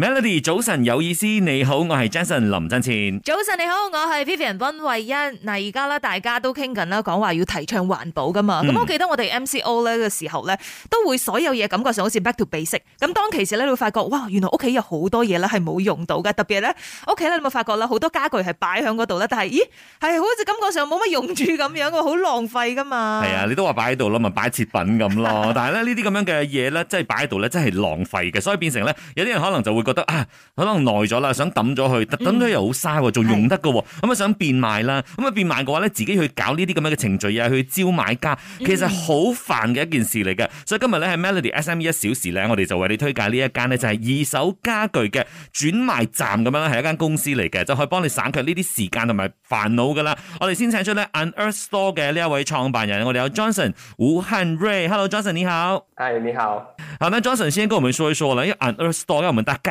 Melody，早晨有意思，你好，我係 Jason 林振前。早晨你好，我係 Vivian 溫慧欣。嗱而家咧，大家都傾緊啦，講話要提倡環保噶嘛。咁、嗯、我記得我哋 M C O 咧嘅時候咧，都會所有嘢感覺上好似 back to basic。咁當其時咧，會發覺哇，原來屋企有好多嘢咧係冇用到嘅。特別咧屋企咧，你咪發覺啦，好多家具係擺喺嗰度咧，但係咦係好似感覺上冇乜用住咁樣，好浪費噶嘛。係啊，你都話擺喺度咯，咪擺設品咁咯。 但係咧呢啲咁樣嘅嘢咧，即係擺喺度咧，真係浪費嘅。所以變成咧，有啲人可能就會。覺得啊，可能耐咗啦，想抌咗佢，等佢又好嘥，仲用得喎。咁、嗯、啊想變賣啦，咁啊變賣嘅話咧，自己去搞呢啲咁樣嘅程序啊，去招買家，其實好煩嘅一件事嚟嘅，所以今日咧係 Melody SME 一小時咧，我哋就為你推介呢一間咧就係、是、二手家具嘅轉賣站咁樣係係一間公司嚟嘅，就可以幫你省卻呢啲時間同埋煩惱噶啦。我哋先請出咧 Unearth Store 嘅呢一位創辦人，我哋有 Johnson 吳漢瑞，Hello Johnson 你好，哎你好，好，Johnson 先跟我們說一說了，因為 Unearth Store 因為我們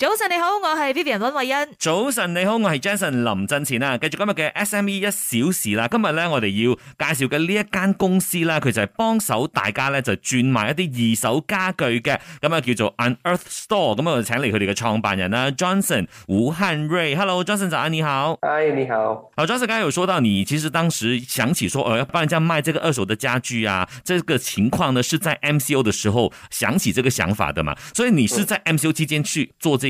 早晨你好，我係 Vivian 溫慧欣。早晨你好，我係 Johnson 林振前啊。繼續今日嘅 SME 一小時啦。今日咧我哋要介紹嘅呢一間公司啦，佢就係幫手大家咧就轉賣一啲二手家具嘅。咁啊叫做 Unearth Store。咁啊請嚟佢哋嘅創辦人啦，Johnson 吳漢瑞。Hello，Johnson 早安，你好。哎，你好。Hi, 你好，好 Johnson 剛才有說到你，其實當時想起說，我要幫人家賣這個二手的家具啊，這個情況呢，是在 MCO 的時候想起這個想法的嘛。所以你是在 MCO 期間去做這、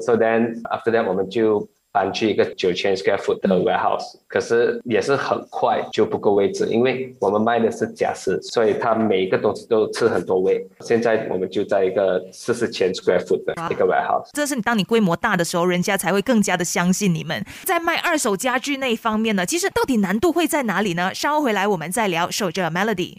So then after that，我們就搬去一個九千 square foot 的 warehouse，、嗯、可是也是很快就不夠位置，因為我們賣的是家飾，所以它每一個東西都吃很多位。現在我們就在一個四十千 square foot 的一個 warehouse。這是你當你規模大的時候，人家才會更加的相信你們。在賣二手家具那方面呢，其實到底難度會在哪裏呢？稍後回來我們再聊。守着 Melody。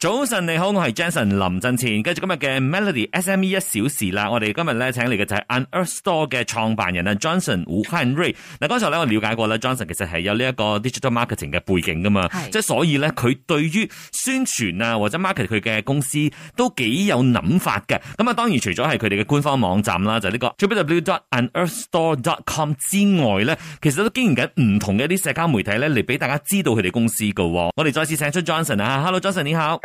早晨，你好，我係 Jason 林振前，跟住今日嘅 Melody SME 一小時啦，我哋今日咧請嚟嘅就係 Unearth Store 嘅創辦人啊，Johnson 胡漢瑞。嗱，剛才咧我了解過呢 Johnson 其實係有呢一個 digital marketing 嘅背景噶嘛，即係所以咧佢對於宣傳啊或者 market 佢嘅公司都幾有諗法嘅。咁啊，當然除咗係佢哋嘅官方網站啦，就係呢個 www.unearthstore.com 之外咧，其實都經營緊唔同嘅啲社交媒體咧嚟俾大家知道佢哋公司噶啊。我哋再次請出 Johnson 啊，Hello Johnson，你好。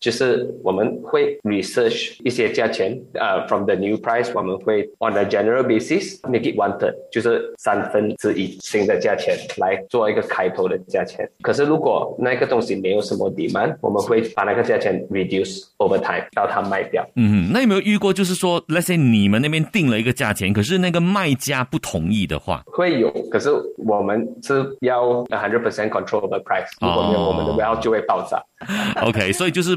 就是我們會 research 一些價錢，呃，from the new price，我們會 on a general basis make it one third，就是三分之一新的價錢來做一個開頭的價錢。可是如果那個東西沒有什麼 demand，我們會把那個價錢 reduce over time 到它賣掉。嗯，那有冇遇過就是說，let's say 你們那邊定了一個價錢，可是那個賣家不同意的話，會有。可是我們是要100% control the price，如果沒有，我們的 well 就會爆炸。OK，所以就是。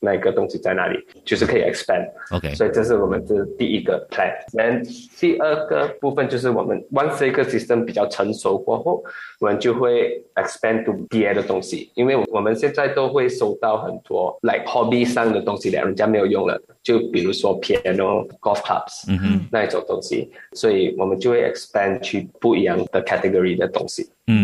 那個東西在哪裏，就是可以 expand。OK，所以這是我們嘅第一個 plan。然後第二個部分就是我們 once 一個 system 比較成熟過後，我們就會 expand to DA 的東西。因為我們現在都會收到很多 like hobby 上的東西，人家沒有用了，就比如說 piano、golf clubs，嗯哼，那一種東西，所以我們就會 expand 去不一樣的 category 的東西。嗯、mm-hmm.。